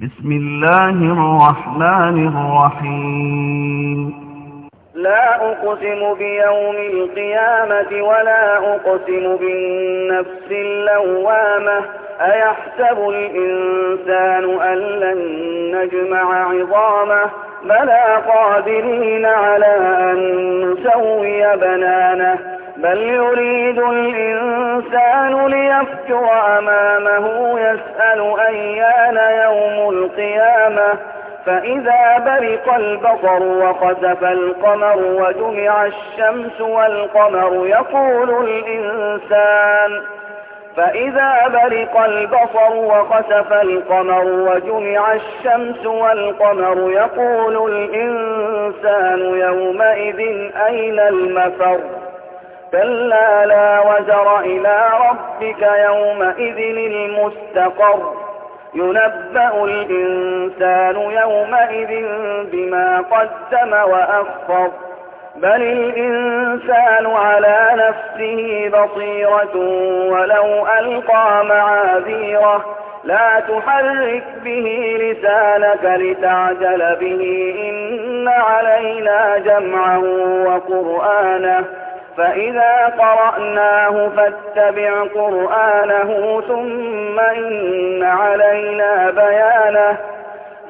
بسم الله الرحمن الرحيم لا أقسم بيوم القيامة ولا أقسم بالنفس اللوامة أيحسب الإنسان أن لن نجمع عظامه بلى قادرين على أن نسوي بنانه بل يريد الإنسان ليفتر أمامه يسأل أيان يوم القيامة فإذا برق البصر وخسف القمر وجمع الشمس والقمر يقول الإنسان فإذا برق البصر وخسف القمر وجمع الشمس والقمر يقول الإنسان يومئذ أين المفر كلا لا وزر إلى ربك يومئذ المستقر ينبأ الإنسان يومئذ بما قدم وأخر بل الإنسان على نفسه بصيرة ولو ألقى معاذيره لا تحرك به لسانك لتعجل به إن علينا جمعه وقرآنه فإذا قرأناه فاتبع قرآنه ثم إن علينا بيانه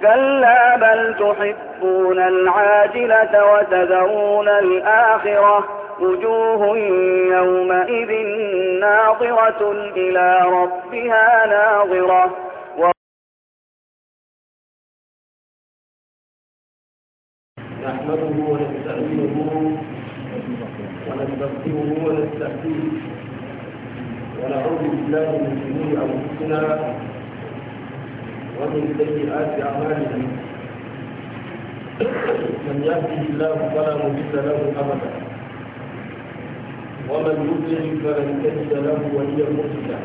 كلا بل تحبون العاجلة وتذرون الآخرة وجوه يومئذ ناظرة إلى ربها ناظرة نحمده ونستعينه هو ونستهديه ونعوذ بالله من شرور انفسنا ومن سيئات اعمالنا من يهده الله فلا مضل له ابدا ومن يضلل فلن تجد له وليا مرشدا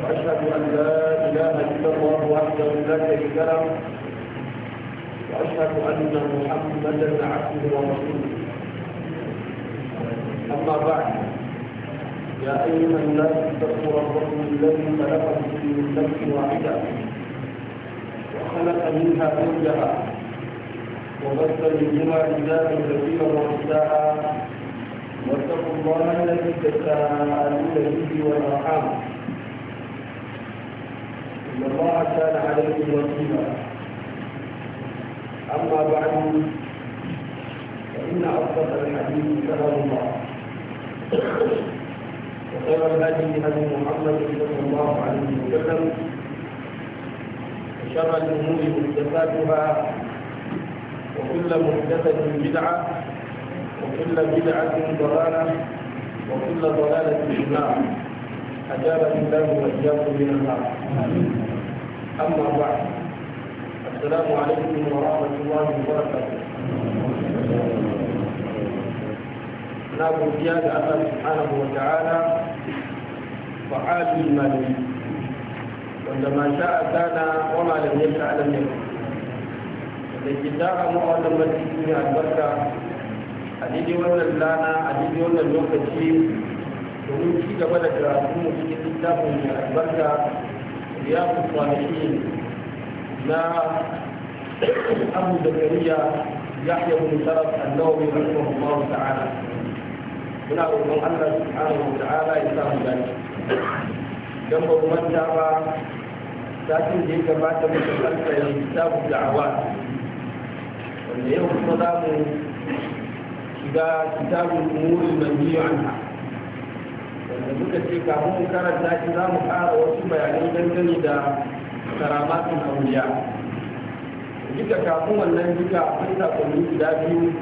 واشهد ان لا اله الا الله وحده لا شريك له واشهد ان محمدا عبده ورسوله أما بعد يا أيها الناس اتقوا ربكم الذي خلقكم في نفس واحدة وخلق منها زوجها وبث منهما رجالا كثيرا ونساء واتقوا الله الذي تساءلون به والأرحام إن الله كان عليكم رقيبا أما بعد فإن أصدق الحديث كلام الله وخير الهدي هدي محمد صلى الله عليه وسلم وشر الأمور محدثاتها وكل محدثة بدعة وكل بدعة ضلالة وكل ضلالة في النار أجابني الله وإياكم من النار أما بعد السلام عليكم ورحمة الله وبركاته الحساب زيادة أمام سبحانه وتعالى ما المال وعندما شاء كان وما لم يشاء لم يكن لكن ذا أمر لما البركة أديدي ولا اللانا أديدي ولا اللوكتي ومن شيء قبل دراسوم في كتاب من البركة رياض الصالحين لا أبو زكريا يحيى بن شرف النووي رحمه الله تعالى muna roƙon Allah subhanahu wa ta'ala ya sa mu dace dan ba mu manta ba satin da ya gabata muka karkare kitabu da'awa wanda yau kuma za mu shiga kitabu umuri manhiyu anha wanda muka ce kafin mu karanta shi za mu ƙara wasu bayanai dangane da karamatin auliya duka kafin wannan duka akwai sakonni guda biyu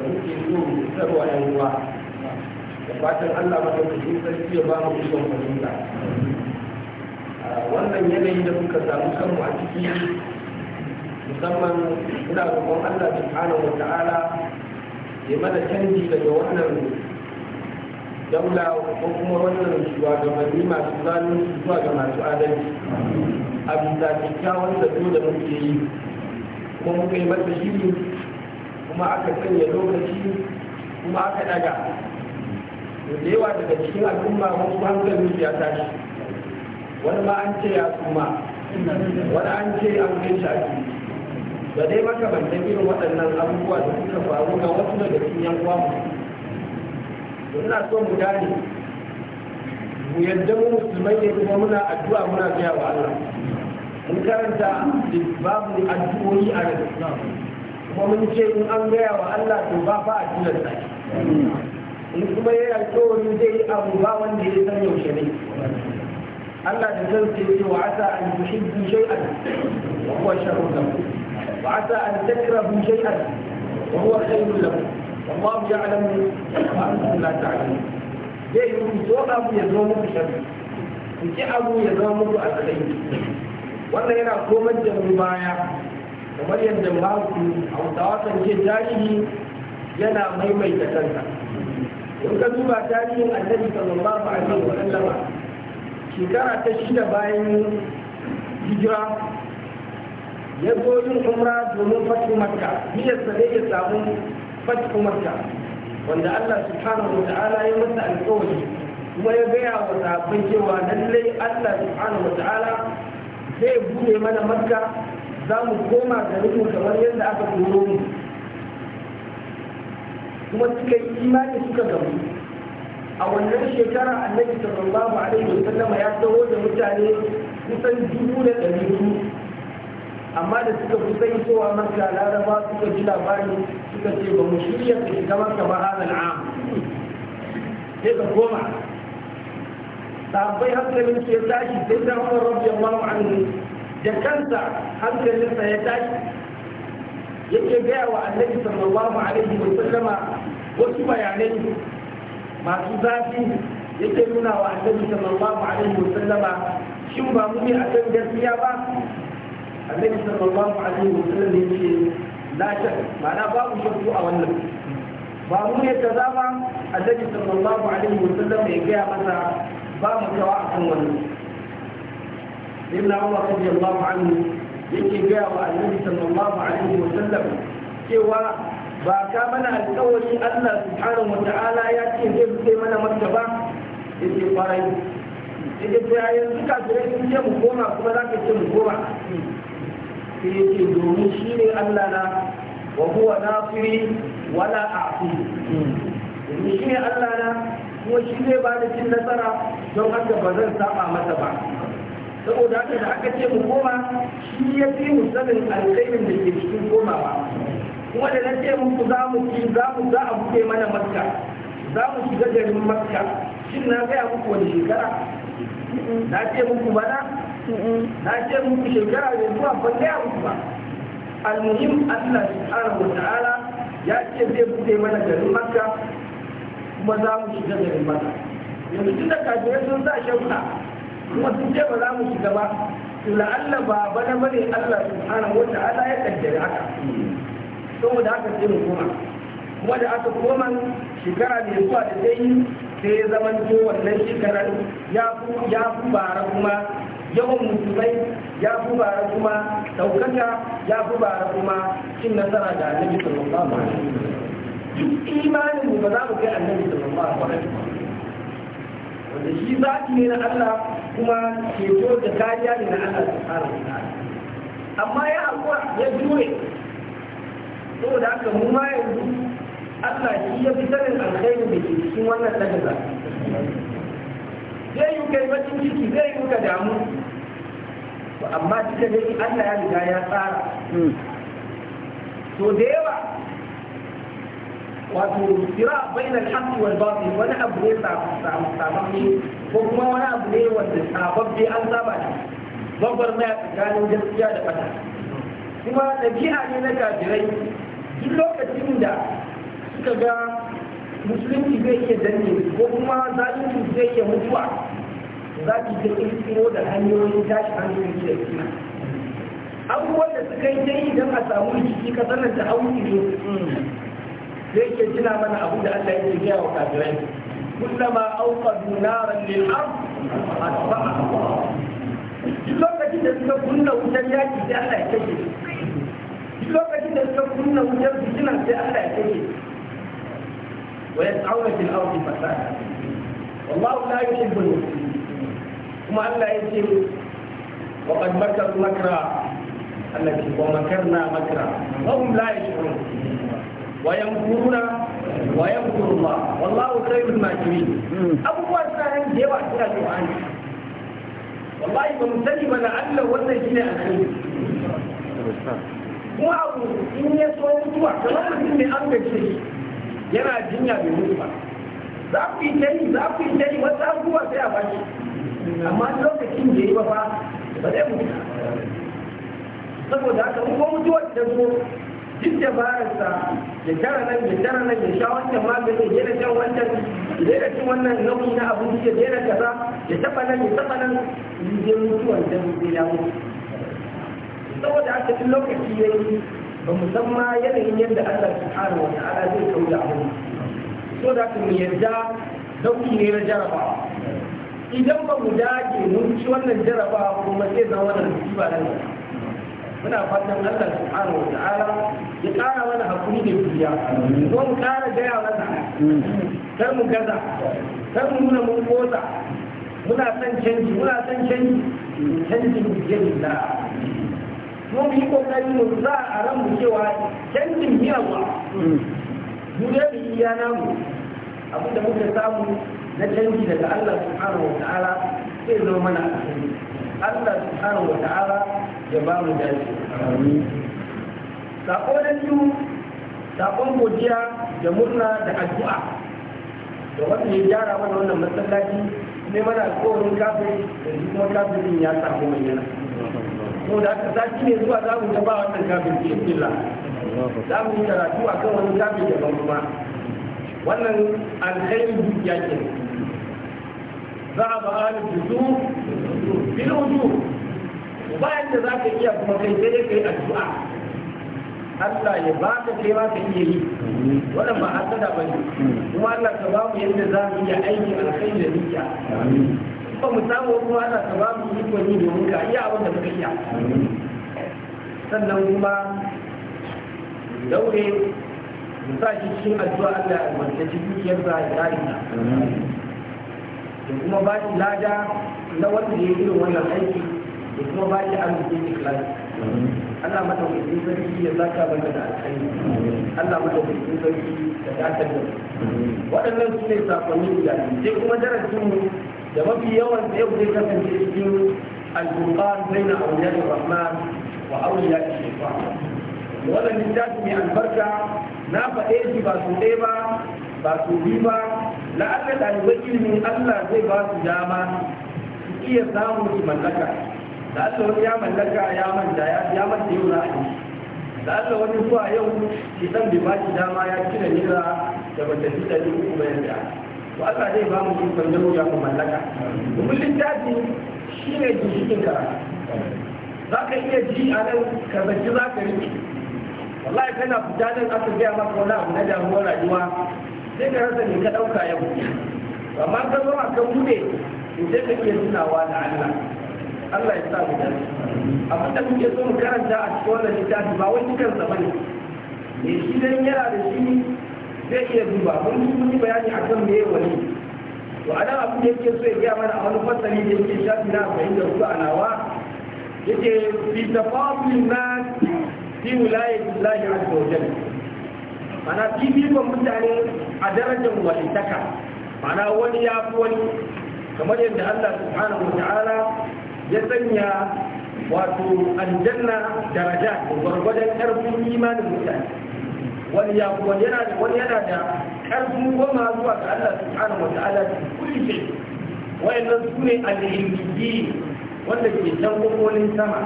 da muke so mu tsarwa yan uwa da fatan Allah madaukakin sarki ya ba mu ikon fahimta wannan yanayi da muka samu kanmu a ciki musamman ina roƙon Allah subhanahu wata'ala ya mana canji daga wannan daula ko kuma wannan shugabanni masu zalunci zuwa ga masu adalci a bisa kyakkyawan zato da muke yi kuma muka yi masa shiri kuma aka sanya lokaci kuma aka daga da yawa daga cikin al'umma wasu hankalin ya tashi wani ma an ce ya kuma wani an ce an kai shafi da dai maka ban makamantan irin waɗannan abubuwa da suka faru ga wasu daga cikin yan uwa mu ina so mu gane mu yadda mu musulmai ne kuma muna addu'a muna biya wa Allah mun karanta babu addu'o'i a nan kuma mun ce in an gaya wa Allah to ba fa a tunan sa in kuma ya alƙawari zai yi abu ba wanda ya san yaushe ne Allah da zan ce ce wa asa an tuhibbu shay'an wa huwa sharrun lakum wa asa an takrahu shay'an wa huwa khairun lakum wallahu ya'lamu wa antum la ta'lamun zai yi so abu ya zo muku sharri in ci abu ya zama muku alƙairi wannan yana komar da mu baya kamar yadda mahaifin hausawa ke tarihi yana maimaita kanta in ka duba tarihin annabi sallallahu alaihi wa sallama shekara ta shida bayan hijira ya zo yin umra domin fatu makka biyarsa dai ya samu fatu makka wanda Allah subhanahu wa ta'ala ya masa alƙawari kuma ya gaya wa sahabbai cewa lallai Allah subhanahu wa ta'ala zai bude mana makka za mu koma garinmu kamar yadda aka koro mu kuma suka yi imani suka gamu a wannan shekara annabi sallallahu alaihi wa sallama ya taho da mutane kusan dubu da ɗari biyu amma da suka fi kusa isowa maka laraba suka ji labari suka ce ba mu shirya ka shiga maka ba hadal am sai ka koma sahabbai hankalin ke tashi sai da umar rabbi allahu anhu da kansa hankalinsa ya tashi yake gaya wa annabi sallallahu alaihi wa sallama wasu bayanai masu zafi yake nuna wa annabi sallallahu alaihi wa sallama shin ba mu ne akan gaskiya ba annabi sallallahu alaihi wa sallam yake la shak ma'ana babu shakku a wannan ba mu ne kaza ba annabi sallallahu alaihi wa sallam ya gaya masa ba mu kawa akan wannan inna umar radiyallahu anhu yake gaya wa annabi sallallahu alaihi wa sallam cewa ba ka mana alƙawari Allah subhanahu wa ta'ala ya ce zai bude mana makka ba yake farai yake ta yanzu kafirai sun ce mu koma kuma za ka ce mu koma sai yake domin shi ne Allah na wa huwa nafiri wala a'fi domin shi ne Allah na kuma shi zai ba da cin nasara don haka ba zan saba masa ba saboda haka da aka ce mu koma shi ya fi mu sanin alkhairin da ke cikin komawa kuma da na ce muku za mu ci za mu za a buɗe mana makka za mu shiga garin makka shin na gaya muku wani shekara na ce muku bana na ce muku shekara da zuwa ban gaya muku ba almuhim allah subhanahu wa ta'ala ya ce zai buɗe mana garin makka kuma za mu shiga garin makka yanzu tun da kafin sun sa shauka kuma sun ce ba za mu shiga ba la'alla ba bana bane Allah subhanahu wa ta'ala ya kaddare haka saboda haka sai mu koma kuma da aka koma shekara mai zuwa da zai yi sai ya zama to wannan shekarar ya fi bara kuma yawan musulmai ya fi bara kuma Saukaka ya fi bara kuma cin nasara da annabi sallallahu alaihi wasallam duk imanin mu ba za mu kai annabi sallallahu alaihi wasallam da shi zaki ne na Allah kuma ceto da kariya ne na Allah subhanahu amma ya hakura ya jure saboda haka mu ma yanzu Allah shi ya fi sanin alkhairu da ke cikin wannan sadaka zai yi kai bakin ciki zai yi muka damu amma duka dai Allah ya riga ya tsara hmm. to da yawa wato kira bainal haqqi wal batil wani abu ne samu ko kuma wani abu ne wanda sababbe an saba shi babbar mai tsakanin gaskiya da fata kuma dabi'a ne na kafirai duk lokacin da suka ga musulunci zai iya danne ko kuma zalunci zai iya mutuwa za ki ta kirkiro da hanyoyin tashi hankali da kina abubuwan da suka yi dai idan a samu rikici kasar ta hau ne da yake tuna mana abu da Allah yake gaya wa kafirai kullama awqadu naran lil ard asbaha duk lokacin da suka kunna wutar yaki sai Allah ya kashe duk lokacin da suka kunna wutar fitina sai Allah ya kashe wa yas'auna fil ardi fasada wallahu la yuhibbul mufsidin kuma Allah yake وقد مكروا مكرا التي ومكرنا مكرا وهم لا يشعرون ويمكرون ويمكر الله والله خير الماكرين أبو واسعين ديوا سنة القرآن والله بمسلم لعل وزن جنة أخير kuma abu in ya so mutuwa kamar mutum mai an gace yana jinya bai mutu ba za ku yi tayi za ku yi tayi wasu abubuwa sai a bashi amma lokacin da yi ba ba ba zai mutu saboda haka mu ko mutuwar ta zo duk da dabararsa da tara nan da tara nan da sha wancan magani ya daina shan wancan ya da cin wannan nau'i na da ya da kaza da taba nan da taba nan ya mutu wancan zai ya mutu saboda haka duk lokaci ya yi ba mu san ma yanayin yadda Allah subhanahu wa ta'ala zai da abu so da mu yarda dauki ne na jarabawa idan ba mu dage mun ci wannan jarabawa kuma sai zama wannan musiba nan muna fatan Allah subhanahu wa ta'ala ya ƙara mana hakuri da juriya ko mu ƙara gaya masa kar mu gaza kar mu nuna mun kosa muna son canji muna son canji canjin jin da mu yi kokari mu za a ran mu cewa canjin yawa mu da iya namu abinda muka samu na canji daga Allah subhanahu wa ta'ala sai zama mana a Allah subhanahu wa ta'ala ya ba mu dace sako da biyu sakon godiya da murna da addu'a da wanda ya gyara mana wannan masallaci ne mana alƙawarin kafin da shi kuma kafin ya samu mai yana ko da aka sati ne zuwa za mu gaba wannan kafin fila za mu yi karatu akan wani kafin daban kuma wannan alkhairin dukiya kenan Za a الجسوم بالوجوه وبعد ذاك إياه كما كي ذلك الدعاء Allah ya ba ka kai ma ka iya yi wannan ba hasada ba ne kuma Allah ka yadda za mu iya aiki alkhairi da niyya ba mu samu kuma Allah ka ba mu ikon yi domin iya abin da muka iya sannan kuma daure mu sa shi cikin addu'a Allah ya albarkaci dukiyar za ya kare ta da kuma ba shi lada na wanda ya irin wannan aiki da kuma ba shi arziki ikhlas Allah madaukakin sarki ya zaka maka da alkhairi Allah madaukakin sarki da dakar da waɗannan su ne sakonni guda sai kuma darasin mu da mafi yawan da yau zai kasance cikin al-Qur'an baina awliya ar-Rahman wa awliya ash-Shaytan wannan littafi mai albarka na faɗe shi ba su ɗaya ba ba su bi ba la'akar ɗalibai ilimin Allah zai ba su dama su iya samun su mallaka da Allah wani ya mallaka ya manta ya manta yau na a da Allah wani zuwa yau shi ɗan bai ba shi dama ya cire nira da ba ta fi ɗari uku bayan da to Allah zai ba mu ikon da ya ku mallaka domin littafi shi ne ginshikin karatu za ka iya ji a nan ka zaci za ka riƙe wallahi kana fita nan aka gaya maka wani abu na damuwar rayuwa sai ka rasa ne ka ɗauka yau amma ka zo a kan bude in sai ka iya tunawa da Allah Allah ya sa mu dace abin da muke so mu karanta a cikin wannan littafi ba wani kan zama ne me shi dan yana da shi zai iya duba mun yi mun bayani akan me wani to ana abu da yake so ya gaya mana a wani fasali da yake shafi na 44 a nawa yake fi tafawul mal fi wilayatin lahi azza wa jalla mana ko mutane a darajar walitaka mana wani ya fi wani kamar yadda Allah subhanahu wa ta'ala ya sanya wato aljanna daraja ko gargadan karfin imanin mutane wani ya fi wani yana da wani yana da karfin goma zuwa ga Allah subhanahu wa ta'ala kulli shay wayannan su ne al-hindiyyi wanda ke tankokolin sama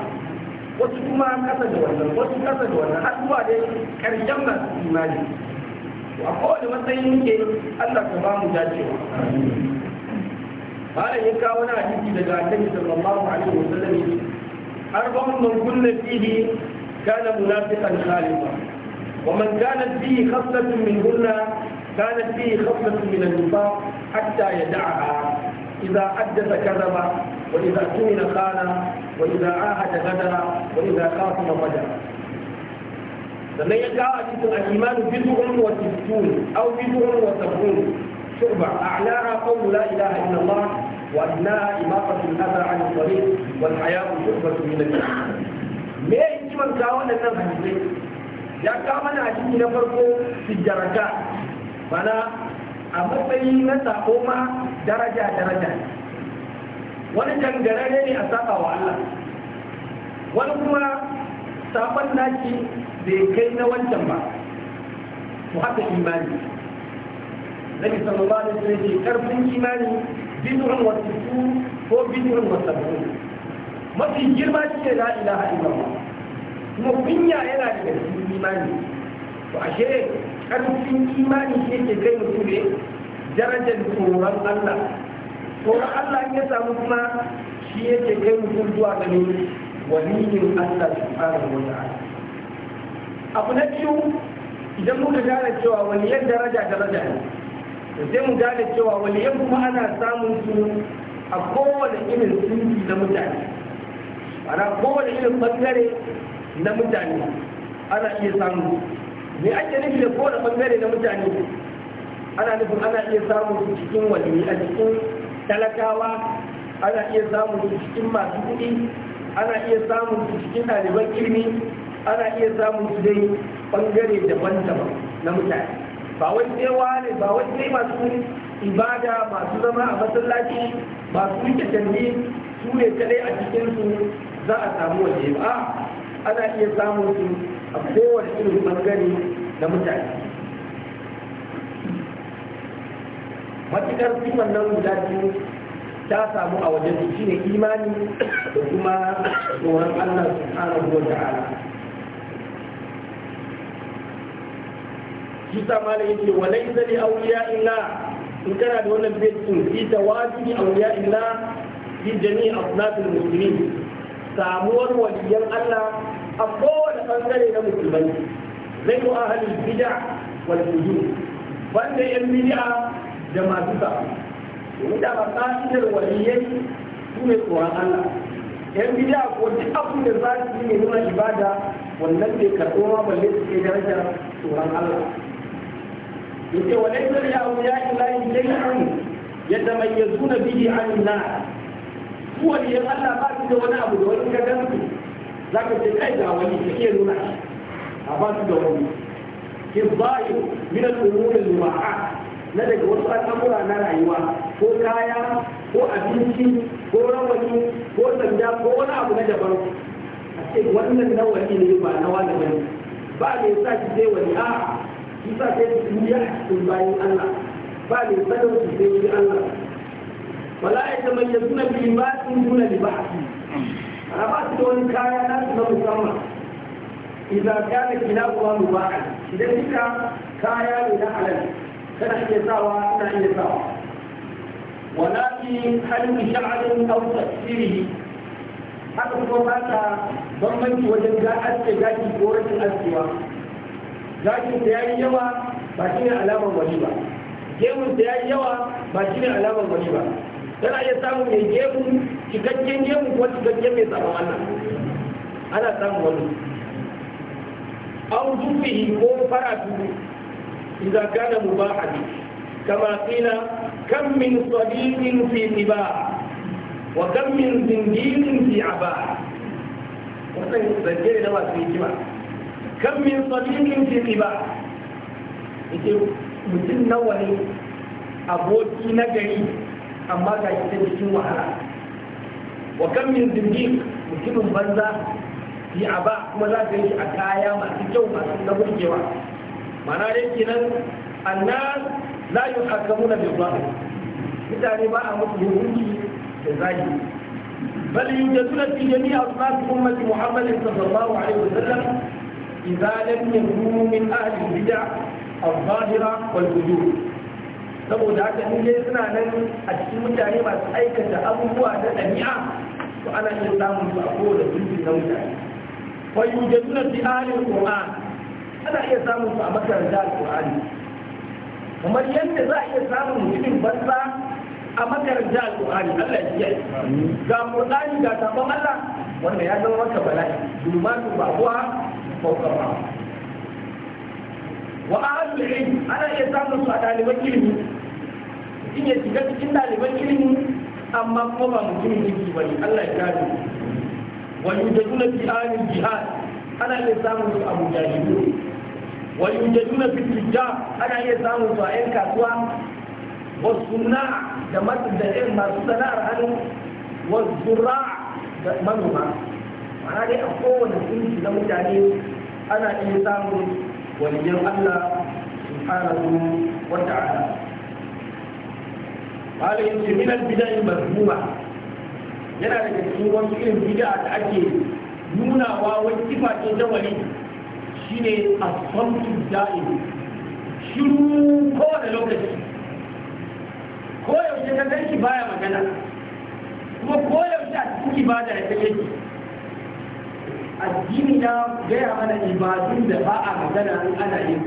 wasu kuma kasa da wannan wasu kasa da wannan har zuwa dai karshen masu imani a kowane matsayin muke Allah ka ba mu dacewa bala ya kawo na hadisi daga annabi sallallahu alaihi wasallam arba'un man kunna fihi kana munafiqan khalifa wa man kana fihi khaflatun minhunna كانت فيه خفة من النفاق حتى يدعها إذا حدث كذب وإذا اؤتمن خان وإذا عاهد غدر وإذا خاصم فجر sannan ya kawo a cikin al'imanu bid'un wa sittun aw bid'un wa sab'un a a'laha qawlu la ilaha illa wa adnaha imatatu al 'an al-tariq wal haya'u shu'batun min al-iman me hikimar kawo nan hadisai ya kawo mana hadisi na farko fi mana a matsayi na sako ma daraja daraja wani jangarare ne a saba wa Allah wani kuma sabon naki bai kai na wancan ba to haka imani nabi sallallahu alaihi wasallam ce karfin imani bid'un wa sittu ko bid'un wa sab'un mafi girma ce la ilaha illallah kuma kunya yana da cikin imani to ashe karfin imani shi ke kai mutum ne darajar tsoron Allah tsoron Allah ya samu kuma shi yake kai mutum zuwa gani waliyin Allah su fara wata abu na biyu idan muka gane cewa waliyan daraja daraja ne sai mu gane cewa waliyan kuma ana samun su a kowane irin sunki na mutane ana kowane irin bangare na mutane ana iya samun su me ake nufi da kowane bangare na mutane ana nufin ana iya samun su cikin wani a cikin talakawa ana iya samun su cikin masu kuɗi ana iya samun su cikin ɗaliban ilimi ana iya samun su dai bangare daban-daban na mutane ba wai sai ne ba wai sai masu ibada masu zama a masallaci masu rike canji su ne kadai a cikin su za a samu waje ba ana iya samun su a kowane irin bangare na mutane matuƙar sifan nan guda biyu ta samu a wajen su shine imani da kuma tsoron Allah subhanahu wa ta'ala shi sa malam yake walai zali auliya illa in kana da wannan baitin fi tawajibi auliya illa fi jami'i asnafil muslimin samuwar waliyan Allah a bangare na musulmai zai wa ahalin bid'a wal fujur wanda yan bid'a da masu sa domin da ba kasidar waliyai su ne tsoron Allah yan bid'a ko duk abin da za su yi nuna ibada wannan bai karɓo ma balle su ke darajar tsoron Allah yace wa laysa li awliya'i llahi shay'un yatamayyazuna bihi 'an an-nas su waliyan Allah ba su da wani abu da wani gadan za ka ce kai ga wani ka ke nuna shi a ba su da wani kibayu min al-umuri al-ma'a na daga wasu al'amura na rayuwa ko kaya ko abinci ko rawani ko sanda ko wani abu na daban a ce wannan rawani ne ba na wani bane ba ne sa shi sai wani a shi sa sai duniya a cikin bayan Allah ba ne sanin su sai wani Allah wala ya tamayyazuna bi ma sun duna li ba'ati a ba su da wani kaya na su na musamman idan kana kina kuwa mubaka idan kika kaya ne na halal kana iya sawa kana iya sawa wala fi halin sha'arin aw sirri. haka kuma ba ta bambanci wajen ga aske gaji ko rashin askewa gashin da yayi yawa ba shi ne alamar wani ba gemun da yayi yawa ba shi ne alamar wani ba yana iya samun mai gemu cikakken mu ko cikakken mai tsaron wannan ana samun wani an zubihi ko fara mu ba kana mubahan kama qila kan min sadiqin fi ba, wa kan min zindiqin fi abaa wannan zance ne na masu hikima kan min sadiqin fi ibaa yake mutum nawa ne aboki na gari amma ga shi ta cikin wahala wa kan min dindin mutumin banza fi aba kuma za ka yi shi a kaya masu kyau masu na burgewa mana dai kenan annas la yuhakamuna bil zahir mutane ba a musu hukunci da bal بل fi في جميع أصناف muhammad sallallahu alaihi الله عليه وسلم yakunu min ahli من al-zahira wal والوجود saboda haka in dai suna nan a cikin mutane masu aikata abubuwa na ɗabi'a to ana iya samun su a kowane jirgin na mutane wa yujaduna fi ahalin qur'an ana iya samun su a makaranta alqur'ani kamar yadda za a iya samun mutumin banza a makaranta alqur'ani Allah ya yi ga qur'ani ga sabon Allah wanda ya zama maka bala'i dumatu babuwa fawqa babuwa wa ahlul ilm ana iya samun su a ɗaliban ilimi mutum ya shiga cikin ɗaliban ilimi amma kuma ba mutumin jiki ba ne Allah ya kare wa yujaduna fi ahlil jihad ana iya samun su a mujahidin wa yujaduna fi tijjar ana iya samun su a yan kasuwa wa sunna da masu da yan masu sana'ar hannu wa zurra da manoma ma'ana dai a kowane kunshi na mutane ana iya samun su. waliyan Allah subhanahu wa ta'ala malai yace min al-bida'i mazmuma yana daga cikin wasu irin bid'a da ake nunawa wani kifa ce ta wali shine as-samtu da'im shiru kowane lokaci ko yaushe ka ganshi baya magana kuma ko yaushe a cikin ibada ya kake addini na gaya mana ibadun da ba a magana in ana yin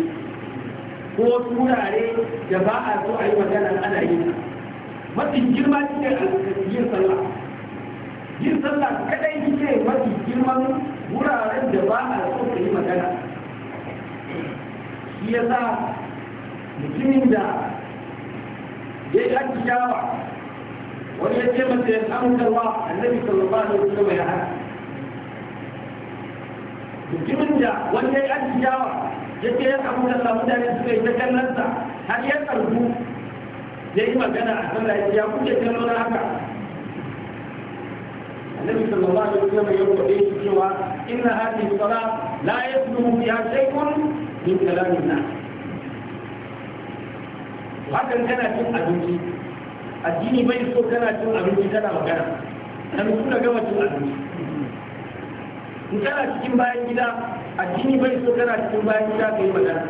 ko turare da ba a so a yi magana ana yin mafi girma shi cikin yin sallah yin sallah kadai ce mafi girman wuraren da ba a so ka yi magana shi ya sa mutumin da ya yi atishawa wani ya ce masa ya samu karwa annabi sallallahu alaihi wasallam ya hana mutumin da wanda ya yi ciyawa ya ce ya samu da mutane suka yi ta kallonsa har ya karbu ya yi magana a sallah ya ya kuke kallo na haka النبي صلى الله عليه وسلم يقول ايش سوى ان هذه الصلاه لا يسلم فيها شيء من كلام الناس hakan kana cin abinci addini bai so kana cin abinci kana magana kan kuna gama cin abinci in kana cikin bayan gida a addini bai so kana cikin bayan gida ka yi magana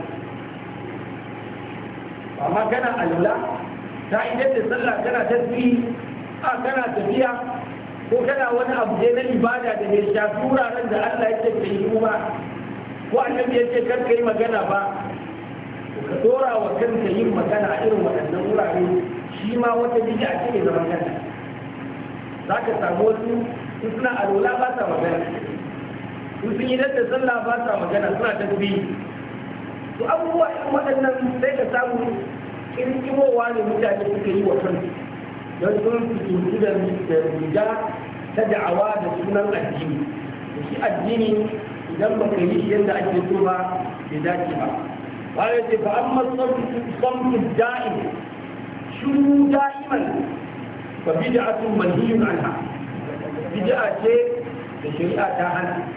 amma kana alula ta idan da sallah kana tasbihi a kana tafiya ko kana wani abu dai na ibada da ya sha turaren da Allah yake ka yi kuma ko annabi yake kar ka yi magana ba ka dora wa kanka yin magana irin waɗannan wurare shi ma wata jiki a cikin zaman kanta za ka samu wasu suna alula ba sa magana su sun da sallah ba sa magana suna tasbihi Su abubuwa irin waɗannan sai ka samu kirkimowa ne mutane suka yi wa kansu don sun fito da riga ta da'awa da sunan addini shi addini idan ba ka yi yadda ake so ba bai dace ba bayan ce fa amma samtu da'in shuru da'iman fa bid'atun manhiyun anha bid'a ce da shari'a ta hana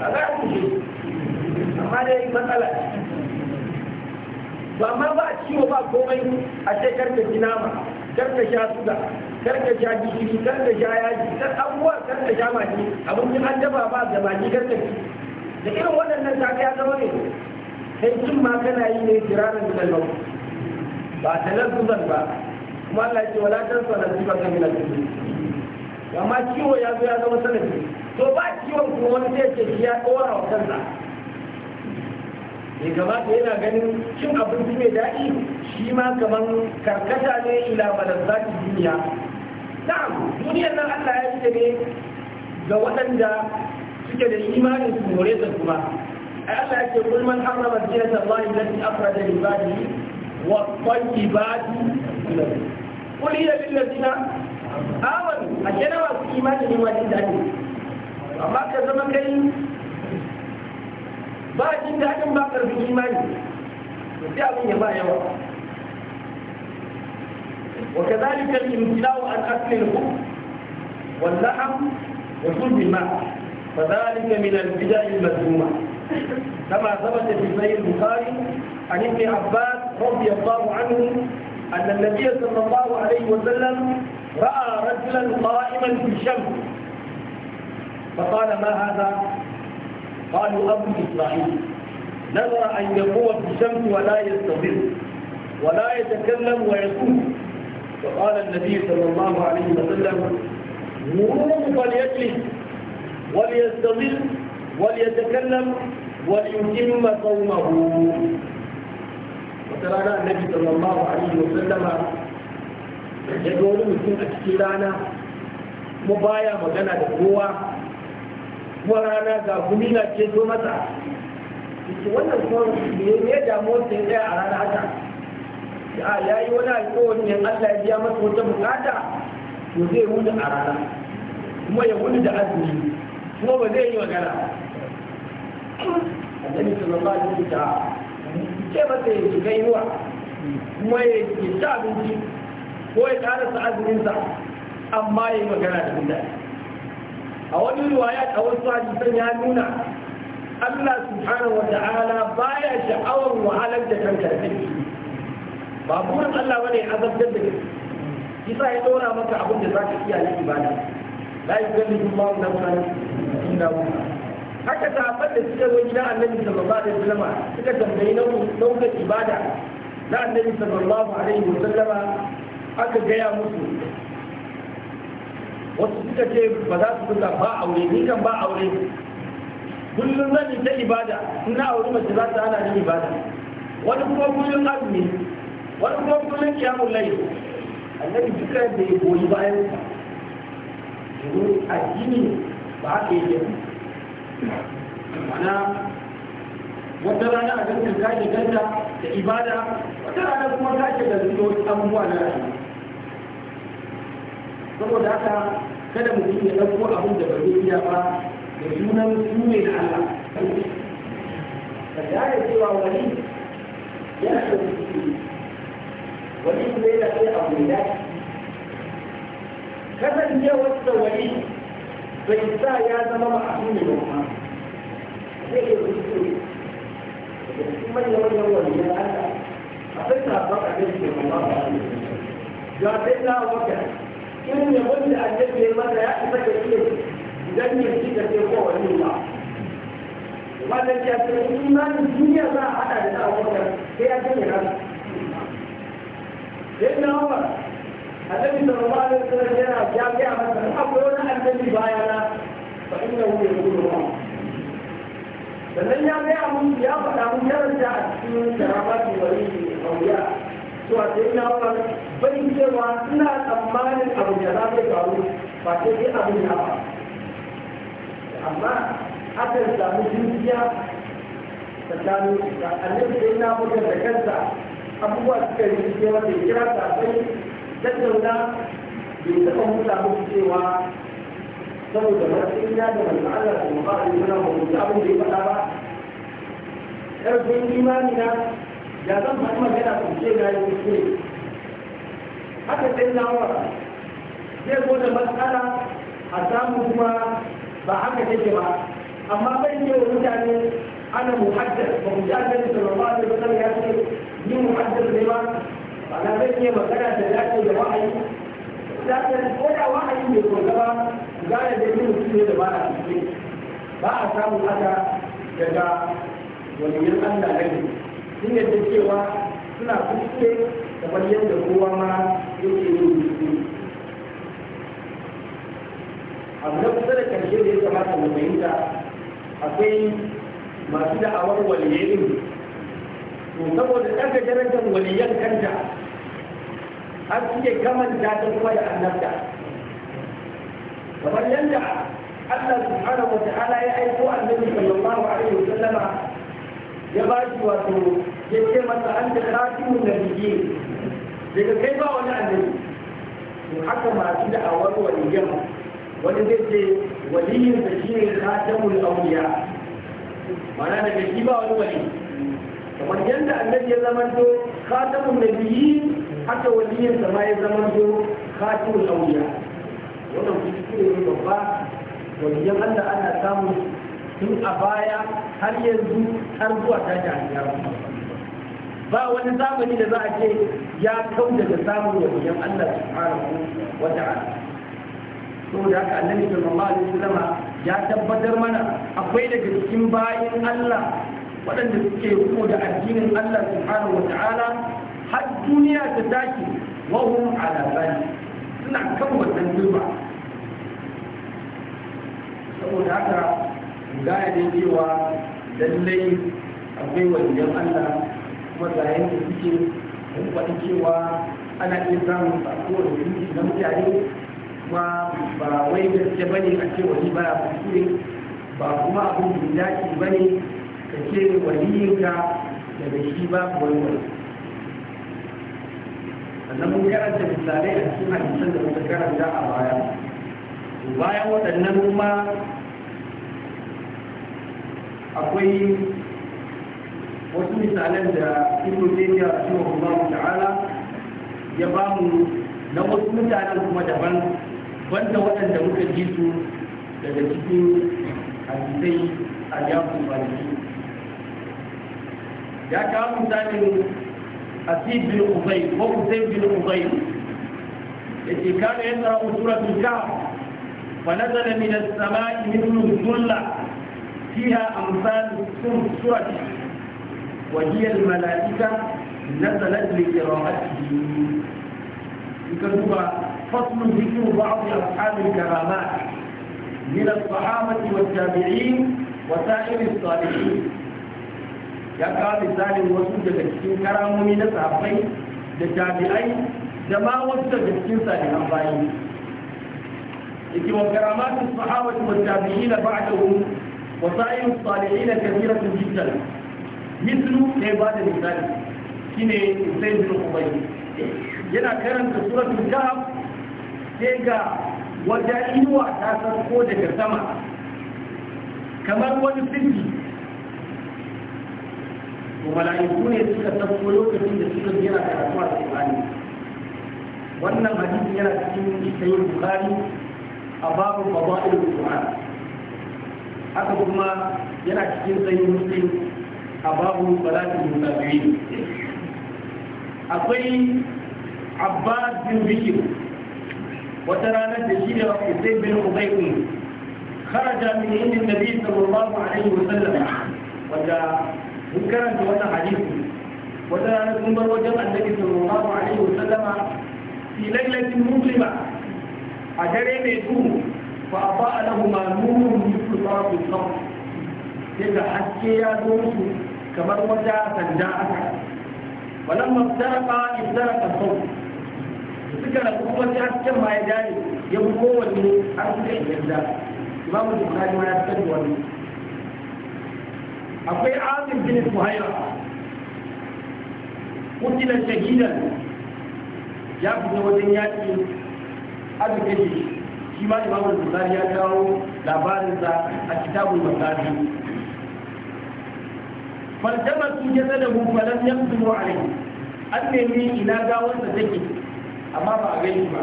a a amma ba a ciwo ba komai a ce karka ji nama karka sha suga karka sha gishiri karka sha yaji kar abubuwa karka sha maki abincin an dafa ba da maki karka ci da irin waɗannan ta ya zama ne sai cin ma kana yi ne jiranin da lau ba talazzuzan ba kuma Allah ya ce wala tansa nasibaka min al-dunya amma kiwo ya zo ya zama sanadi to ba kiwon kuma wani zai ce shi ya kora wa kansa gaba kamata yana ganin cin abinci mai daɗi shi ma kamar karkata ne ila malazzati duniya na'am duniyar nan Allah ya ne ga waɗanda suke da imanin su more ta kuma A Allah ya ce kul man harrama zinata Allah allati afra da ibadihi wa tayyibati qul hiya lil awon a kira masu imani ne wani da ake amma ka zama kai ba jin daɗin ba ƙarfin imani sai abin ya ba yawa وكذلك الامتلاء عن اكل الخبز واللحم وشرب الماء فذلك من البدع المذمومه كما ثبت في صحيح البخاري عن ابن عباس رضي الله عنه ان النبي صلى الله عليه وسلم رأى رجلا قائما في الشمس فقال ما هذا قالوا أبو إسرائيل نظر أن يقوم في الشمس ولا يستظل ولا يتكلم ويصوم فقال النبي صلى الله عليه وسلم مروه فليجلس وليستظل وليتكلم وليتم صومه وترانا النبي صلى الله عليه وسلم ya ga wani mutum a cikin rana kuma baya magana da kowa kuma rana ga gumi na ce zo masa yake wannan kuma ne ne da wata ya tsaya a rana haka a ya yi wani alkawari ne Allah ya biya masa wata bukata to zai wuni a rana kuma ya wuni da azumi kuma ba zai yi magana annabi sallallahu alaihi wasallam ce masa ya shiga yiwa kuma ya ci abinci ko ya azumin sa, amma ya yi magana da mutane a wani riwaya a wasu hadisan ya nuna Allah subhanahu wa ta'ala baya sha'awar wahalar da kanka da ba burin Allah bane azabtar da kai kisa ya dora maka abin da zaka iya na ibada la yukallifu Allah nafsan illa wusa haka sahabban da suka zo gidan Annabi sallallahu alaihi wasallama suka tambayi nau'in ibada na Annabi sallallahu alaihi wasallama aka gaya musu wasu suka ce ba za su kusa ba aure ni kan ba aure kullum zan ta ibada ina aure mace za ta hana ni ibada wani kuma kullum azumi wani kuma kullum kiyamun lai annabi duka da ya goyi bayan sa domin addini ba haka yake mana wata rana a gantar kashi ganta da ibada wata rana kuma kashi da zuwa abubuwa na rayuwa saboda haka kada mutum ya ɗauko abin da bai iya ba da sunan sunan Allah ya gane cewa wani ya da wani kuma yana iya abu da dace ya wani bai sa ya zama a ne ba kuma yi iya kuskure da cikin manyan wani ya haka akwai sabon abin da ba ba ba ya sai na wakil in ne wanda annabi ya masa ya isa da iya dan ya ci da kowa kowane ba wannan ya ce imanin duniya za a hada da abubuwan sai ya ce ne sai na hawa annabi ba alaihi wasallam yana ya ga masa akwai wani annabi bayana fa innahu yaqulu sannan ya ga mun ya faɗa mun yarda a cikin karamatu wali auliya to a sai ina fara bai cewa ina tsammanin abu da za ta faru ba sai dai abin ya ba amma akan samu dukiya tsakanin da annabi sai na mutar da kansa abubuwa suka yi dukiya wanda ya kira ta sai tattauna bai taɓa mutu musu cewa saboda matsayin ya da manzo Allah da mabari muna ba mu abin da ya faɗa ba ƙarfin imani na ya zan faɗi magana su ce na yi kuskure haka sai na wara zai zo da matsala a samu kuma ba haka take ba amma bai ce wa mutane ana muhaddar ba mu ji annabi sallallahu alaihi wasallam ya ce ni muhaddar ne ma ba na zan iya magana da dace da wa'ayi dace ko da wa'ayi bai kusa ba gane da yin mutum ne da ba a cikin ba a samu haka daga waliyan Allah na gari sun yadda cewa suna kuskure kamar yadda kowa ma yake yin kuskure abu na kusa da karshe da ya kamata mu fahimta akwai masu da'awar waliyayin to saboda ɗaga darajar waliyan kanta an suke kamanta ta kuma da annabta kamar yadda Allah subhanahu wa ta'ala ya aiko annabi sallallahu alaihi wa sallama ya ba shi wato ya ce masa an da khatimun nabiyyi daga kai ba wani annabi to haka masu da awar waliyan wani zai ce waliyin da shi ne jamul auliya mana daga shi ba wani wani kamar yadda annabi ya zamanto khatamun nabiyyi haka waliyin sa ma ya ka khatamul auliya wannan kuma ne babba waliyan Allah ana samun tun a baya har yanzu har zuwa ta jami'ar ba wani zamani da za a ce ya kau daga samun wajen Allah subhanahu wa ta'ala to da haka annabi sallallahu alaihi wasallam ya tabbatar mana akwai daga cikin bayan Allah waɗanda suke riko da addinin Allah subhanahu wa ta'ala har duniya ta tashi wa hum ala bani suna kan wannan turba saboda haka gaya dai cewa lallai akwai wajen Allah kuma ga yadda suke mun cewa ana iya samun a da zuci na mutane kuma ba wai gaske ba ne a ce wani ba a kuskure ba kuma abin da ce ba ne ka ce waliyinka daga shi ba wani wani sannan mun karanta misalai a cikin hadisan da muka karanta a baya bayan waɗannan kuma akwai wasu misalan da ibn taymiya rahimahullahu ta'ala ya ba mu na wasu mutanen kuma daban banda waɗanda muka ji su daga cikin hadisai a yakin kwanaki ya kawo misalin asib bin ubay ko usayd bin ubay yace kana yasra suratul kahf fa nazala min as-sama'i mithlu dhulla فيها أمثال السورة وهي الملائكة نزلت لقراءته يكتب فصل ذكر بعض أصحاب الكرامات من الصحابة والتابعين وسائر الصالحين يا قال مثال وسوء تكتين كرام من الصحابين لتابعين جماعة وتكتين سالي باين إذ وكرامات الصحابة والتابعين بعدهم وسائر الصالحين كثيرة جدا مثل عبادة مثال شيني حسين بن أبي ينا كرنت سورة الكهف تيجا wata inuwa ta sarko daga sama kamar wani sirri to mala'iku ne suka sarko lokacin da suka jira karatu a tsibani wannan hadisi yana cikin sayin a babu baba'il haka kuma yana cikin tsayin muslim a babu salatin musafirin akwai abbas bin bishir wata ranar da shi ne da usai bin ubaikun kharaja min indin nabi babu alaihi wa sallam wanda mun karanta wannan hadisi wata ranar sun bar wajen annabi sallallahu alaihi wa sallama fi lailatin muslima a dare mai duhu fa ba lahuma nurun mithlu darbi al-qamar yadda haske ya zo musu kamar wata sanda aka walamma sarqa istarqa sawt suka da kuma wani hasken ma ya dare ya fi kowanne har suka yi yarda imamu bukhari ma ya fitar da wani akwai bin suhaira ya fita wajen yaki aka shi ma imamul bukhari ya kawo labarinsa a kitabul masabi فالتمسوا جسده فلم يقدروا عليه an nemi ina gawarsa take amma ba a gani ba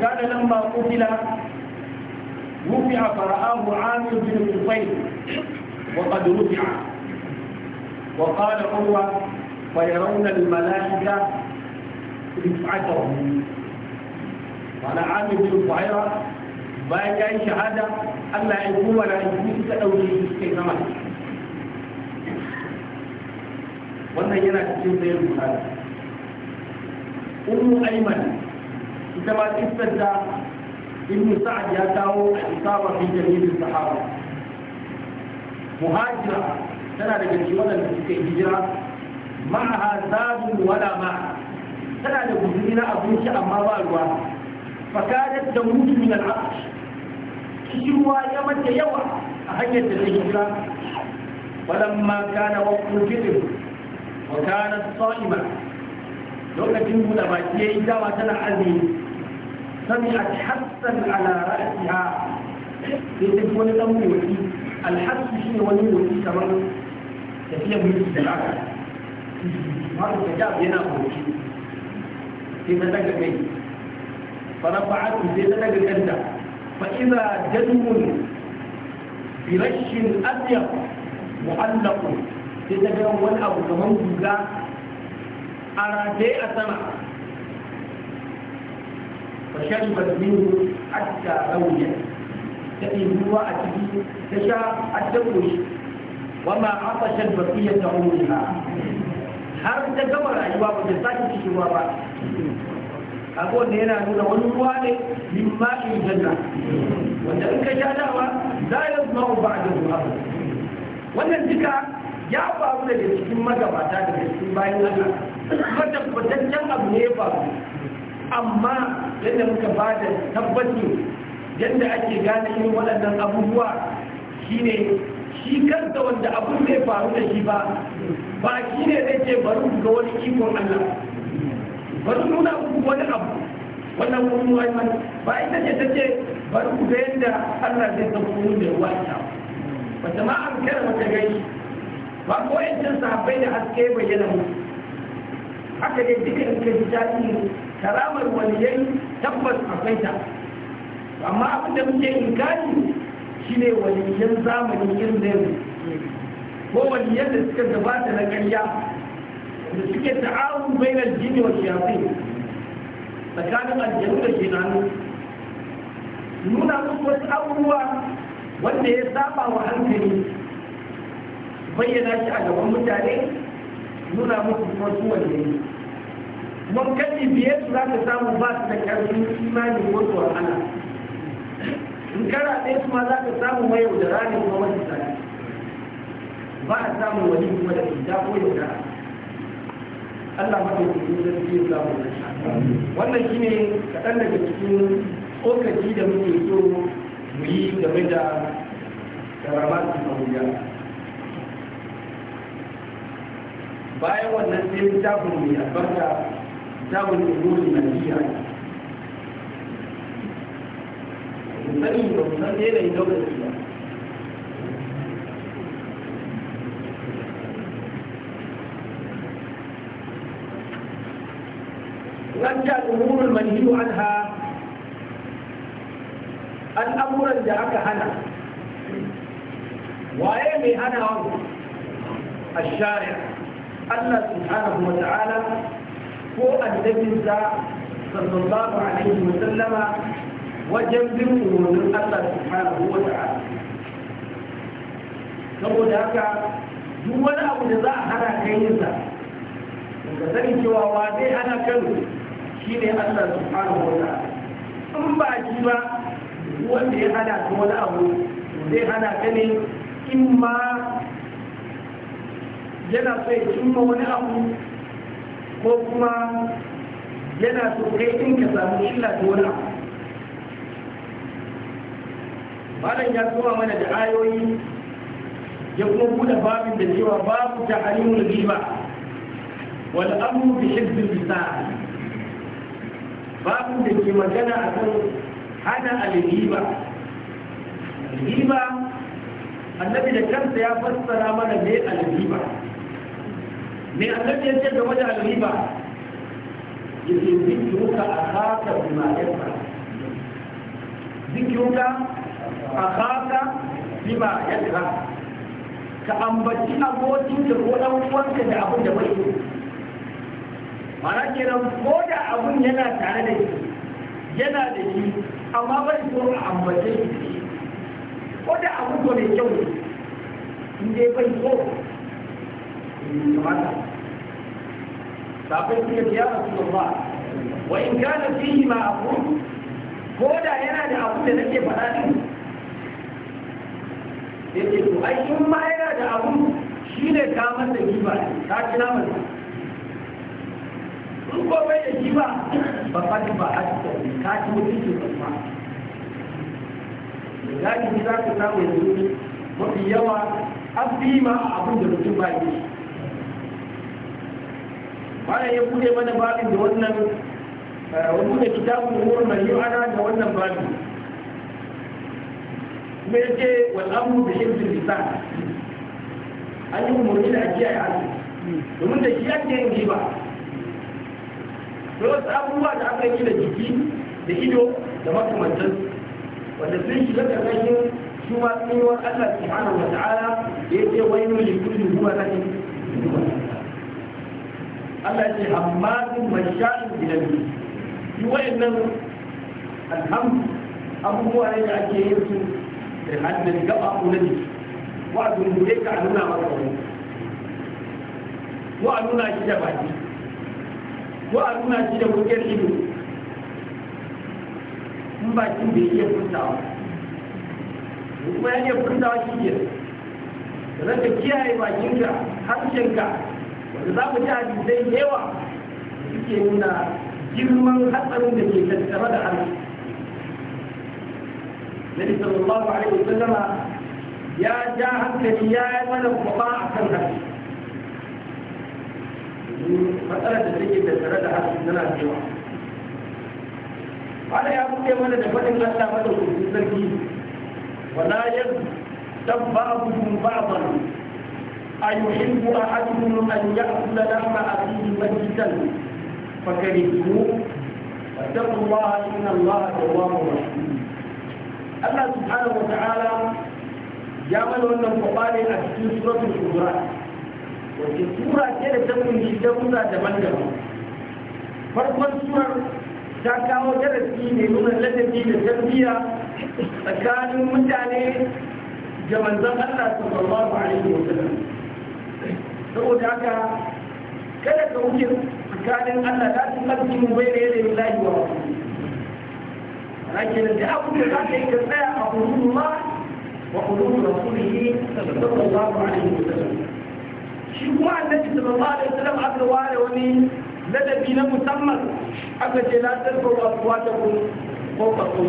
kada nan ba ku fila, rufi a fara'ahu amir bin kufai wa qad rufi'a wa qala huwa fa yarawna al malaika rif'atahu mana amir bin fuhaira bayan ya yi shahada allah ya kuma na yi suka ɗauki suke sama wannan yana cikin sayar bukari umu aiman ita ma kisar da ibn sa'ad ya kawo a isaba fi jami'in sahara. muhajira tana daga cikin waɗanda suka hijira ma'aha zabin wala ma'a tana da guzuri na abinci amma ba ruwa fakadat da mutu min al'ash kishirwa ya mata yawa a hanyar da take kira walamma kana waqtul fitr wa kanat sa'ima lokacin buɗe baki yayi tana azumi سمعت حسا على رأسها يجب أن الأمر وكي الحس شيء ولي وكي كمان تفيه من السلعة مرة تجاب ينام وكي في مدى جميل فرفعته سيدنا بكندا فإذا جدم برش أبيض معلق سيدنا ولا أبو كمان بوغا أرادي أسمع فشربت منه حتى روجت تأتي هو أتي تشاء التقوش وما عطشت بقية عمرها هل تجمع أيوة وتساعد في الشباب abuwan da yana nuna wani ruwa ne min ma'in janna wanda in ka sha dama za ya zama ba a zuwa ba wannan duka ya faru daga cikin magabata daga cikin bayan Allah kuma tabbataccen abu ne ba faru amma yadda muka ba da tabbaci yadda ake gane irin waɗannan abubuwa shine shi kansa wanda abu bai faru da shi ba ba shi ne zai ce bari ga wani ikon Allah bari nuna muku wani abu wannan kuma aiman ba ita ce ta ce bari ku ga yadda Allah zai san kuma da ruwa ta ma jama'ar kare wata gani ba ko yancin sahabbai da haske bayyana mu haka dai duka ka ji tarihi karamar waliyai tabbas akwai ta amma abin da muke inkari shine waliyan zamani irin da yanzu ko waliyan da suka gabata na ƙarya da suke ta'awun bayan aljini wa shayatin tsakanin aljanu da nanu nuna musu wasu abubuwa wanda ya saba wa hankali bayyana shi a gaban mutane nuna musu wasu wanda ne wani kalli biyar su za ka samu ba su da karfin imani wasu wahala in kara ɗaya su ma za ka samu mayau da rani kuma wani tsari ba a samun wani kuma da ita ko yaudara Allah madaukakin sarki ya samu kaɗan daga cikin tsokaci da muke so mu yi game da karamatu bayan wannan sai littafin mai albarka sani yanayin المنهي عنها الأمر الذي دعك هنا وأيمي هنا الشارع الله سبحانه وتعالى هو النبي صلى الله عليه وسلم وجنب من الله سبحانه وتعالى saboda haka duk wani abu da za a hana ka yin sa shi ne allah subhanahu wa ta'ala in ba shi ba wanda ya hada ka wani abu zai hana ka ne in ma yana so ya cimma wani abu ko kuma yana so kai in ka samu illa ta wani abu malam ya kuma mana da ayoyi ya kuma buɗe babin da cewa babu ta halimul riba wal amru bi hizbil bisa babin da ke magana a kan hana alhiba alhiba annabi da kansa ya fassara mana ne alhiba me annabi ya ce game da alhiba ya ce zikiruka a haka bimayarka zikiruka a haka bimayarka ka ambaci da ko ɗan uwanka da abin da bai mana kenan ko da abun yana tare da shi yana da shi amma bai so a ambace shi ko da abun ko ne kyau in dai bai so kamata sabon suka ya rasu ba wa in gane fihi ma abu ko da yana da abu da nake faɗa din yake to ai in ma yana da abu ne ka masa giba ta kira masa in ba bai da shi ba ba ba ta ba hatta ka ci mutunci ba ma da ni za ka samu yanzu mafi yawa an fi ma abin da mutum ba yi bana ya bude mana babin da wannan wani eh, da kitabun ruwan mai ana da wannan babin kuma ya ce wal'amu da shirin lisan an yi umarni da ajiya ya hannu domin da shi ake yin riba da wasu abubuwa da aka yi da jiki da ido da makamantan wanda sun shiga da ƙarƙashin su ma tsinuwar Allah subhanahu wa ta'ala da ya ce wainu li kulli huwa lakin Allah ce amma sun sha'in gidan yi wayannan alhamdu abubuwa ne da ake yin su da hannun gaba ko na jiki wa a dunkule ka a nuna maka wani wa a nuna shi da baki ko a nuna shi da wuƙar ido in bakin bai iya furtawa kuma ya iya furtawa shi ke ka kiyaye bakinka harshenka wanda za mu ji hadisai da yawa suke nuna girman hatsarin da ke tattare da harshe Nabi sallallahu alaihi wasallama ya ja hankali ya yi mana kuma a kan harshe matsalar da take tattare da hakan tana da yawa Allah ya buɗe mana da faɗin Allah mata kuɗin sarki wala yan tabbabukum ba'dan ayuhibbu ahadukum an ya'kula lahma akhihi majitan فكرهتموه فاتقوا الله ان الله تواب رحيم الله سبحانه وتعالى يعمل ان القران في سوره الحجرات wace tura ce da ta kunshi kuna daban-daban farkon surar ta kawo darasi ne nuna ladabi da tarbiyya tsakanin mutane da manzon Allah sallallahu alaihi wa sallam saboda haka kada ka wuce tsakanin Allah ta su mafi mu bai da yanayin lahi wa lakin da abu da za ka yi ka tsaya a hudun ma wa da rasulihi sallallahu alaihi wa sallam shi kuma annabi sallallahu alaihi wasallam aka ware wani ladabi na musamman aka ce la tarfa wa wata kun ko ka ko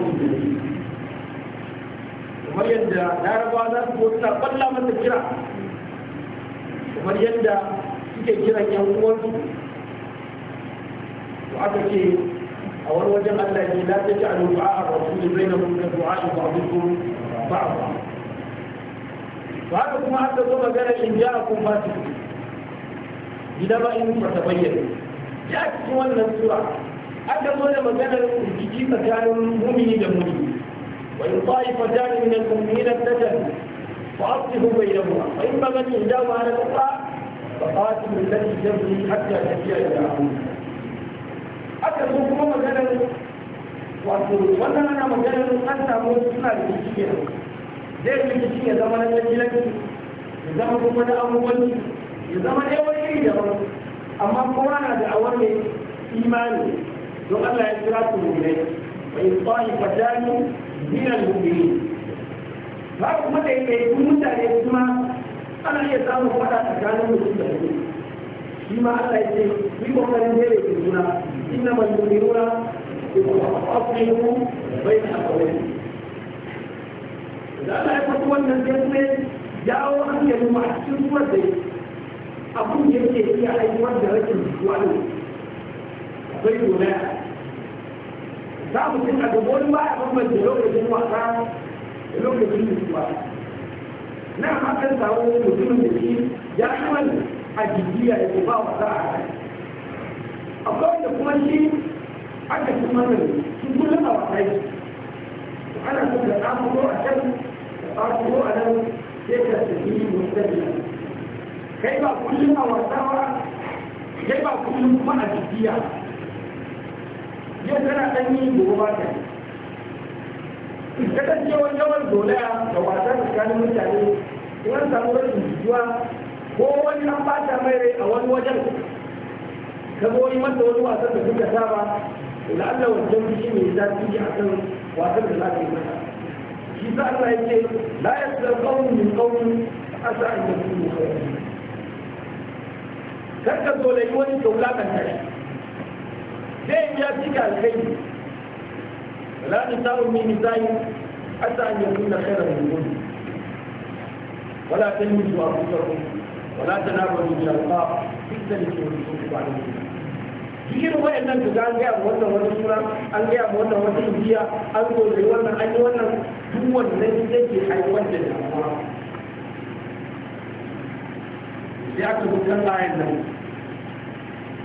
kamar yadda larabawa za su ko ta balla masa kira kamar yadda suke kiran yan uwansu to aka ce a wani wajen Allah ne la taj'alu du'a ar-rasul bainakum ka du'a ba'dukum ba'd وهذا كما حتى ثم قال إن جاءكم فاسق إذا ما إن فتبين جاءت سوى السورة أنت قول ما كان الكتيب كان مؤمن دموي وإن طائفتان من المؤمنين ابتدأوا فأصلحوا بينهما فإما من إهداه على الأخرى فقاتلوا التي تبغي حتى تجيء إلى أمرها haka su kuma maganar wato wannan ana maganar an samu suna zai rikici ya zama na jajilanci ya zama kuma na abubuwanci ya zama ɗaya wani iri daban amma kowa na da awar ne imani don Allah ya kira su mu'minai wa in ta'ifatani min al ba kuma da yake kun mutane kuma ana iya samun fada tsakanin mutum da mutum shi ma Allah ya ce yi kokarin jere ki juna inna man yu'minuna wa aslihu bayna aqwaikum Za a ya wannan zai kuma jawo hankalin mu a cikin suwar abun da yake iya aiwuwar da rashin jituwa ne akwai dola za mu cin a gaba wani baya da lokacin wasa da lokacin jituwa na hakan samu mutumin da shi ya kuma a jijiya ya ba wasa a kai akwai da kuma shi aka ci mana shi kullum a wasa yi ana so da samu ko a can أرجو أن يكتفي مستجدا كيف كل ما وسوى كيف كل ما أجديا يسرى أني بغباتا kasancewar yawan zolaya da wasa tsakanin mutane in samu rashin jituwa ko wani an bata mai rai a wani wajen ka zo yi masa wani wasan da suka saba la'alla wajen biki mai zafi a kan wasan da za ka yi masa يسأل عليك لا يسأل قوم من قوم أسأل من قوم كذا دولة يوني دولة مهاش زين يأتيك الخير لا نسأل من زين أسأل يكون خيرا من قوم ولا تنمسوا أفكركم ولا تنابلوا من القاب في السنة والسنة بعد المدينة irin waɗannan da an gaya wannan wani suna an gaya wannan wata ibiya an gobe wannan an yi wannan duk wannan yake haifar da damuwa sai aka bukan ayan nan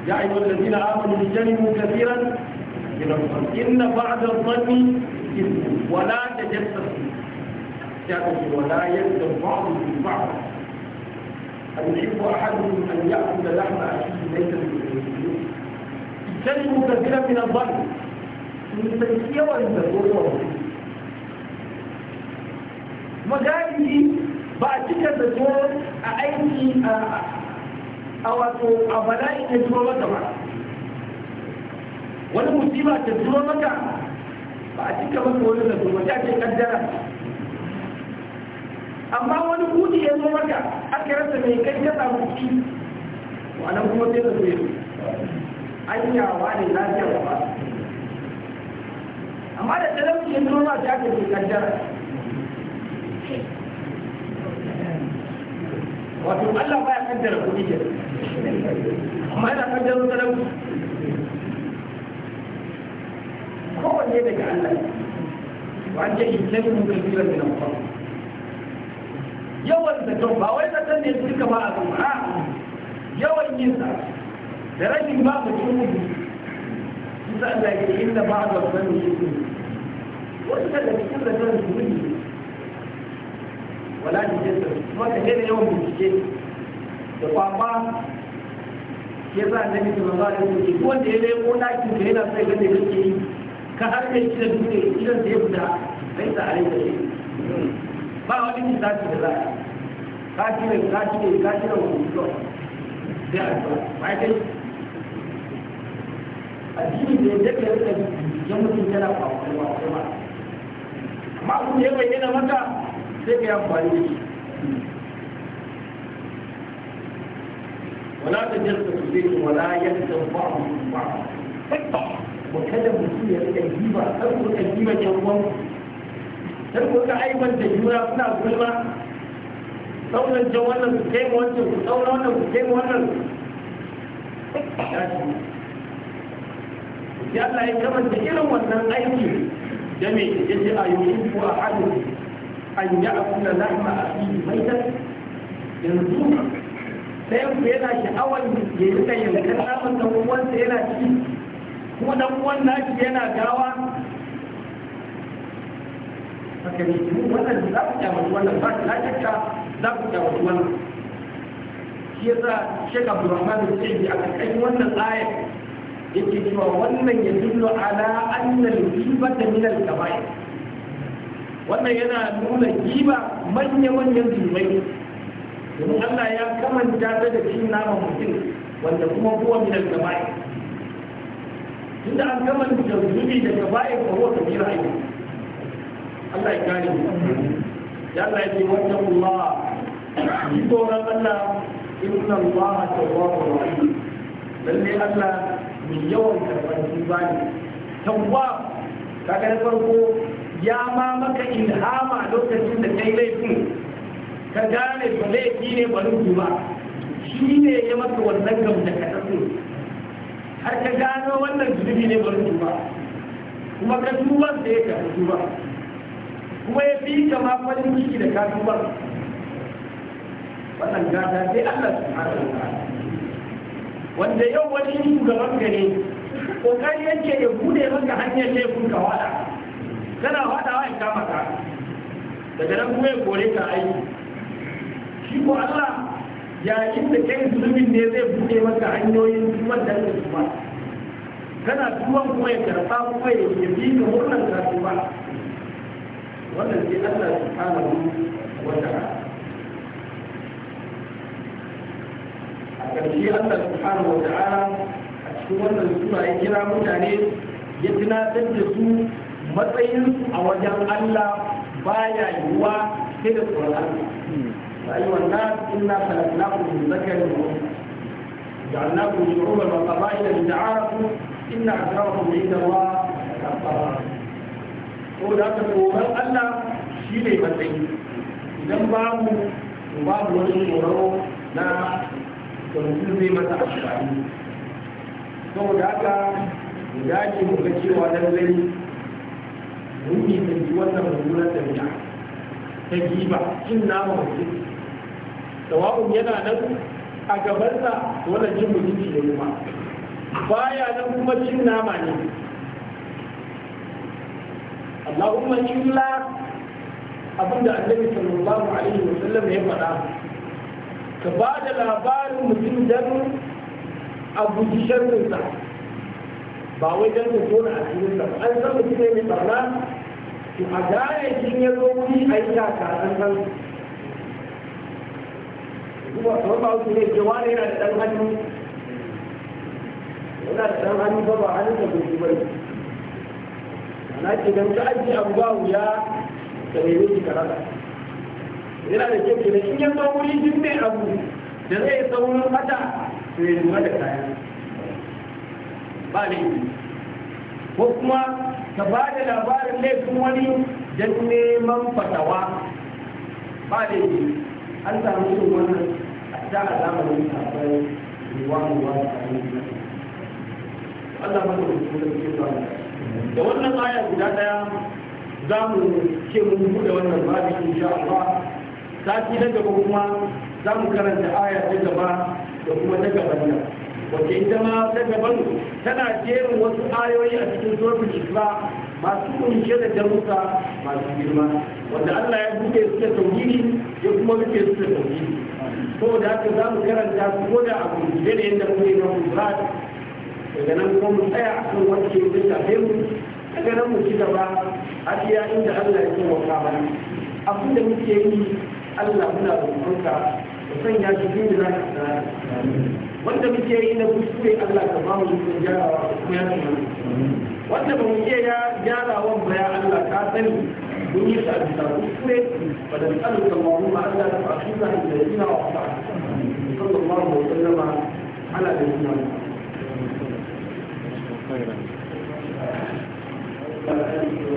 ya ayi wallazina amanu bijanibu kafiran inna ba'da dhanni wala tajassasu ya kace wala yadda ba'du ba'd أن يحب أحدهم أن يأكل لحم أخيه ليس بالمسلمين jami'u kafira min الظن من nisanci yawan da tsoron magalibi ba a cika da a aiki a wato a bala'i ya turo maka ba amma wani kudi ya zo maka aka rasa mai kai ka samu ciki nan kuma sai da tsoron hanyawa ne lafiya ba amma da talauci ya zo ba ta ake ke kaddara wato Allah baya kaddara kuɗi ke amma yana kaddara talauci kowanne daga Allah وأن يجتنبه كثيرا من الله يوم الزكاة وإذا تنبه تلك ما أدوها يوم ينسى da rashin ba mu cikin mutu shi za a yi inda ba a zaɓar da shi wasu daga cikin da zan su mutu wala da jinsa kuma ka daina yawan bincike da kwakwa ya za a nabi da mamma da suke wanda ya leko ɗakin ka yana sai gane kake yi ka har mai kira dutse idan da ya fita bai sa a rai da shi ba wani misali da za a ka cire ka cire ka cire wani kusurwa sai a ba ya addinin da ya daɗe da ya mutum yana kwakwalwa kuma amma abin da ya bayyana maka sai ka yi amfani da shi wala ta wala ba mu ba kada mutum ya rika kar ku rika kar ku rika juna gulma jan wannan kai ma wancan wannan kai ma wannan sai Allah ya kamanta irin wannan aiki da me yace a yi yuhibbu ahadun an a lahma mai maitan yanzu sai ku yana sha'awar ya yi kai yankan naman dan uwansa yana ci kuma dan uwan nashi yana gawa haka ne wannan za ku kyamata wannan ba ta shakka za ku kyamata wannan shi yasa shek abdulrahman da ce a ƙarƙashin wannan ayar yake cewa wannan ya dillo ala annal gibata min al kaba'ir wannan yana nuna giba manya manyan zunubai domin Allah ya kamanta ta da cin nama mutum wanda kuma kuwa min al kaba'ir tunda an kamanta zunubi da kaba'ir ko huwa kabira aiki Allah ya kare mu ya Allah ya ce wannan Allah ki tsoron Allah inna Allah tawwabur rahim lalle Allah mai yawan karɓar tuba ne tawwa kaga na farko ya ma maka ilhama lokacin da kai laifin ka gane ba laifi ne ba nufi ba shi ne ya maka wannan gamta ka tafi har ka gano wannan zubi ne ba nufi ba kuma ka tuba da ya ka tuba kuma ya fi ka ma farin ciki da ka tuba wannan gada sai Allah su wa wanda yau wani shugaban gare kokari yake ya bude maka hanyar laifin ka wada kana wada wa ita maka daga nan kuma ya kore ka aiki shi ko Allah yi da kai zulumin ne zai bude maka hanyoyin zuwan da ka zuwa kana zuwan kuma ya karfa kuma ya bi ka murnar ka tuba wannan sai Allah subhanahu wa ta'ala a ƙarshe Allah subhanahu wa ta'ala a cikin wannan sura ya kira mutane ya tunatar da su matsayinsu a wajen Allah baya yiwuwa sai da tsoron Allah ya yi wannan inna salaknakum min zakarin wa جعلناكم شعوبا a لتعارفوا إن أكرمكم عند الله أتقاكم ko da ka tsoron Allah shi ne matsayi idan babu babu wani tsoron na da mutum zai masa amfani saboda haka mu dace mu ga cewa lallai mun nisanci wannan da ɗabi'a ta giba cin nama mutum sawa'un yana nan a gabansa wannan jin mutunci da kuma baya nan kuma cin nama ne Allahumma illa abinda annabi sallallahu alaihi wa sallam ya faɗa ka ba da labarin mutum don a guji sharrinsa ba wai don ya tona a cikinsa ba an san mutum ne mai barna to a gayyakin ya zo wuri a yi taka an san kuma kamar ba wasu ne cewa ne yana da ɗan hannu yana da ɗan hannu ba ba hannun da gudu ba ne na ke don ka ajiye abu ba wuya da nemi shi karata yana da kyau da in ya zo wuri duk mai abu da zai saurin mata su yi lura da kayan ba laifi ko kuma ka ba da labarin laifin wani don neman fatawa ba laifi an samu irin wannan a da a zamanin sabai ruwan ruwa a yanzu Allah ba da mutum da ke zuwa da wannan aya guda daya za mu ce mun buɗe wannan babi insha Allah sati na gaba kuma za mu karanta aya ta gaba da kuma ta gaba nan wace ita ma ta gaban tana jerin wasu ayoyi a cikin zurfin isra masu kunshe da jarusa masu girma wanda Allah ya buɗe su da tauhidi ya kuma rufe su da tauhidi ko da haka za mu karanta su ko da a gurguje da yadda kuma na kusa daga nan kuma mu tsaya a kan wacce ya shafe mu daga nan mu ci gaba har iya inda Allah ya kuma ba kamar abin da muke yi Allah muna roƙonka da sanya shi cikin da zaka tsara wanda muke yi na kuskure Allah ka ba mu zuwa gyarawa ko ya tuna wanda ba mu iya ya gyarawa ba ya Allah ka sani mun yi sa bisa kuskure wa da tsarin Allahumma Allah ta fasuna da yana wa fa sallallahu alaihi wa sallama ala da yana Thank you.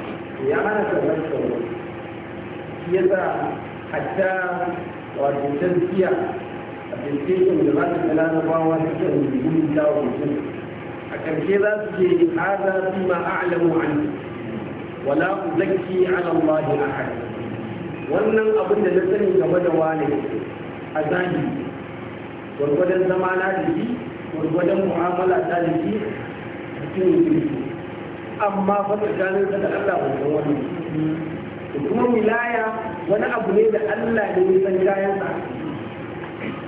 ya hana karɓar sauro shi ya sa hatta wato tafiya a tafiya da za ta kala na bawa suka rubuta ta wa mutum a ƙarshe za su ce haza fi ma a'lamu an wala uzakki ala Allah ahad wannan abin da na sani game da wani a zahiri gwargwadon zama na da shi gwargwadon mu'amala ta da shi mutum ne amma fa tsakanin da Allah ba san wani kuma wilaya wani abu ne da Allah ne ya san kayan sa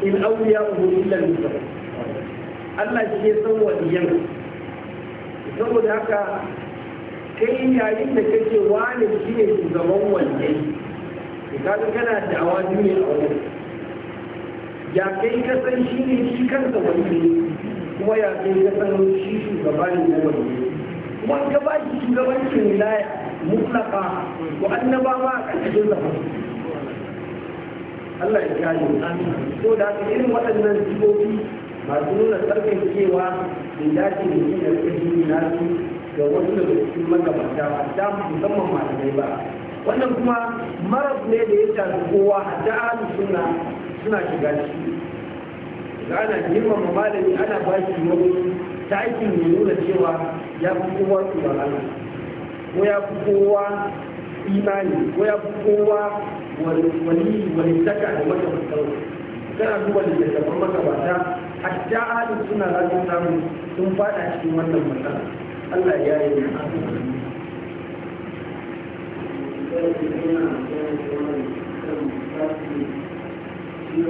in auliya ubu illa al Allah shi ya san waliyan saboda haka kai yayin da kake wani shi ne shugaban waliyai kaga kana da awa duniya a wani ya kai ka san shi ne shi kansa wani kuma ya kai ka san shi shugaba ne na wani wanda ba shi shugabancin wilaya mutlaka ko annabawa a ƙarƙashin zama Allah ya kare so da haka irin waɗannan jikoki masu nuna ƙarfin cewa in dace da yin yarkashi na su ga wasu daga cikin magabata hatta musamman malamai ba wannan kuma marar ne da ya tafi kowa a ahlus sunna suna shiga ciki ana girmama malami ana ba shi wani ta aikin ya nuna cewa ya fi kowa tsoron Allah ko ya fi kowa imani ko ya fi kowa wani wani saka da mata musamman kana duba littattafan magabata hatta ahalin suna rajin samu sun fada cikin wannan matsala Allah ya yi na Thank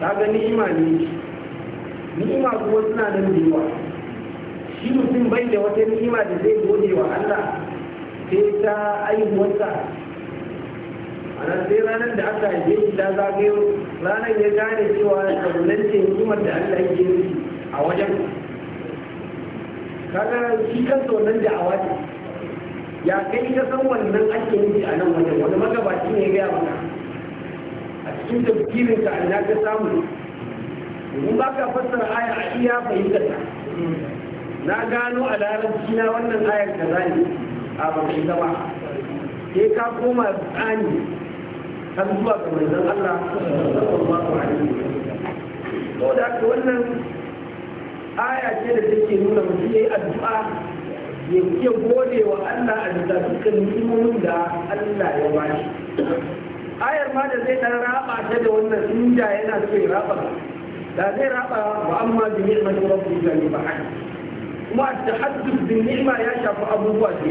ta ga ni'ima ne ni'ima kuma suna nan da yawa shi mutum bai da wata ni'ima da zai gode wa Allah sai ta aihuwarsa ana sai ranar da aka haife shi ta zagayo ranar ya gane cewa kabulan ce hukumar da Allah yake yi a wajen kaga shi kansa wannan a wajen ya kai ka san wannan ake yi a nan wajen wani magabaci ne ya gaya maka in tafkirin ka ina ka samu mun ba ka fassara aya a iya fahimtar ta na gano a larabci na wannan ayar ka zani a bakin zama sai ka koma tsani har zuwa ga manzon Allah sallallahu alaihi wasallam to da wannan aya ce da take nuna mu yi addu'a ya gode wa Allah a bisa dukkan ni'imomin da Allah ya bashi ayar ma da zai dan raba ta da wannan inda yana so ya raba da zai raba wa amma bi ni'mati rabbika ba ba'ad kuma at-tahadduth bin ni'ma ya shafi abubuwa da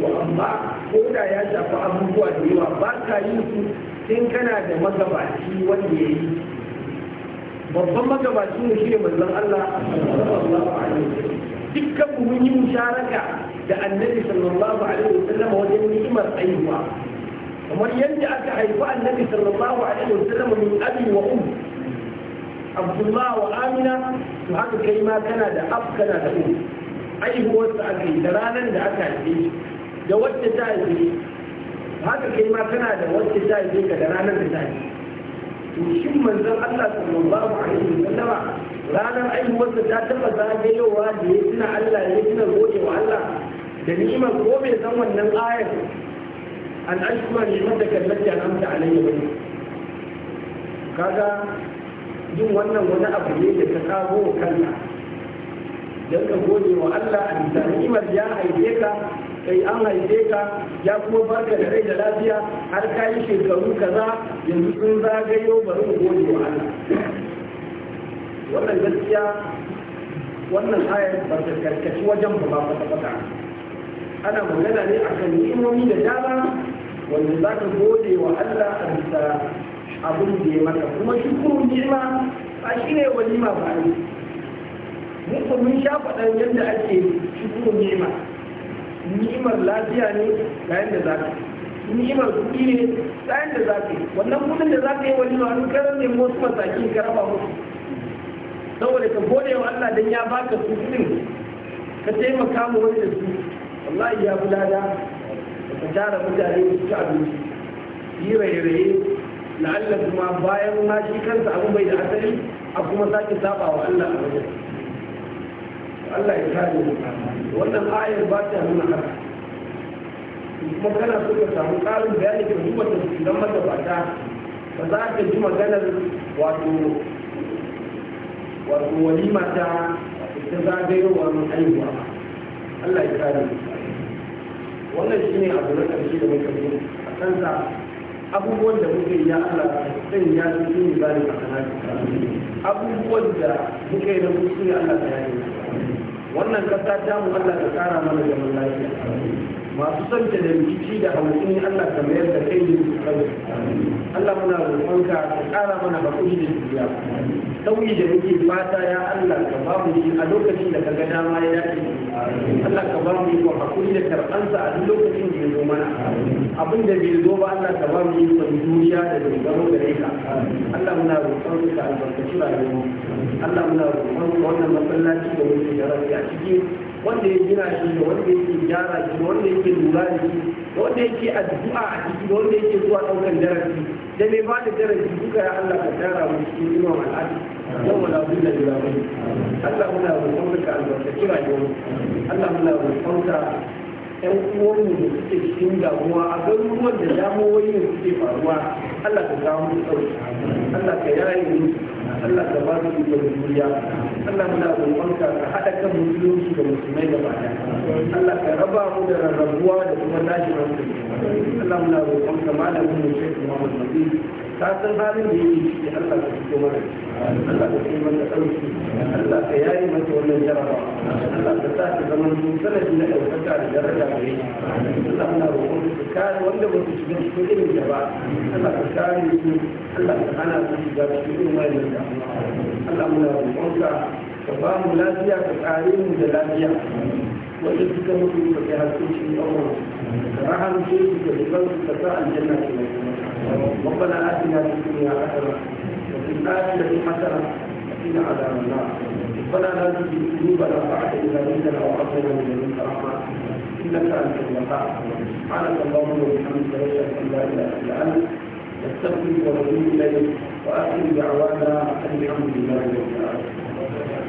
yawa to amma ko da ya shafi abubuwa da yawa ba ka yi su sai kana da magabaci wanda ya yi babban magabaci ne shi ne manzon Allah sallallahu alaihi wasallam dukkan mun yi musharaka da annabi sallallahu alaihi wasallam wajen ni'imar aiwa kamar yadda aka haifi annabi sallallahu alaihi wasallam min abi wa um abdullah wa amina to haka kai ma kana da ab kana da um aihuwarsa aka yi da ranar da aka haife shi da wacce ta haife shi. haka kai ma kana da wacce ta haife ka da ranar da ta haife to shin manzon Allah sallallahu alaihi wasallam ranar aihuwar aihuwarsa ta taba zagayowa da ya tuna Allah ya tuna gode wa Allah da ni'imar ko bai san wannan ayar an ashkura ni'mataka allati an'amta alayya bani kaga yin wannan wani abu ne da ta kago wa kanka don ka gode wa Allah a bisa ni'imar ya haife ka kai an haife ka ya kuma barka da rai da lafiya har ka yi shekaru kaza yanzu sun zagayo bari mu gode wa Allah wannan gaskiya wannan ayar ba ta karkaci wajen ba ba ta ana magana ne a kan ni'imomi da dama wanda za ka gode wa Allah a bisa abin da ya maka kuma shukuru girma ba shi ne walima ba ne mun mun sha faɗan yadda ake shukuru nima ni'imar lafiya ne ga yadda za ka ni'imar kuɗi ne ga yadda za ka wannan kuɗin da za ka yi wa nima an karar ne wasu mataki ka raba musu saboda ka gode wa Allah don ya baka su kuɗin ka taimaka mu wani da su wallahi ya fi lada ka tara mutane su ci abinci yi raye-raye Allah kuma bayan ma shi kansa abu bai da asali a kuma sake saba wa Allah a wajen Allah ya kare mu wannan ayar ba ta nuna haka kuma kana so ka samu ƙarin bayani ka duba idan magabata ba za ka ji maganar wato wato walima ta ta zagayowar haihuwa Allah ya kare mu wannan shi ne abu na ƙarshe da muka yi a kansa abubuwan da muke ya Allah zan ya su shi ne bani a kanaki abubuwan da muke da muke ya Allah ta yi wannan kasa ta mu Allah ta tsara mana zaman lafiya masu son da rikici da hankali Allah ta mayar da kai Allah muna roƙonka ka ƙara mana kuɗi da juriya sauyi da muke fata ya Allah ka ba mu shi a lokacin da ka ga dama ya dace Allah ka ba mu ikon hakuri da karɓansa a duk lokacin da ya zo mana abin da bai zo ba Allah ka ba mu ikon duniya da dogaro gare ka Allah muna roƙonka ka albarkaci rayuwa Allah muna roƙonka wannan masallaci da muke jarabi a ciki wanda ya gina shi da wanda yake gyara shi da wanda yake lura da shi da wanda yake addu'a a ciki da wanda yake zuwa ɗaukan darasi da mai ba da jarabi suka ya Allah ka tara mu cikin inuwa al'adu don wala bulla da jira zamu Allah muna roƙon ka albarkaci rayuwar Allah muna roƙon ka ƴan uwanmu da suke cikin damuwa a garuruwan da damuwoyin suke faruwa Allah ka kawo mu sauki Allah ka yaye mu Allah ka ba mu da duniya Allah muna roƙonka ka haɗa kan musulunci da musulmai da baya Allah ka raba mu da rarrabuwa da kuma tashin hankali Allah muna roƙonka malamin mu Sheikh Muhammad Nabi ka san halin da yake ciki Allah ka fito mana Allah ka kai mana ɗauki Allah ka yayi mata wannan jaraba Allah ka sa ta zama sanadi na ɗaukaka da daraja da shi Allah na roƙon ka kare wanda ba su shiga cikin irin da ba Allah ka kare su Allah ka hana su shiga cikin irin wannan da Allah muna roƙon ka ka ba mu lafiya ka kare mu da lafiya wanda suka mutu ka kai haske shi ɗaukar ka rahamce su ka zubar su ka sa aljanna ke mai ربنا آتنا في الدنيا حسنة وفي الآخرة حسنة وقنا عذاب النار ربنا لا تزغ قلوبنا بعد إلا هديتنا وهب من لدنك رحمة إنك أنت الوهاب سبحانك اللهم وبحمدك أشهد أن لا إله إلا أنت نستغفرك ونتوب إليك وآخر دعوانا أن الحمد لله رب العالمين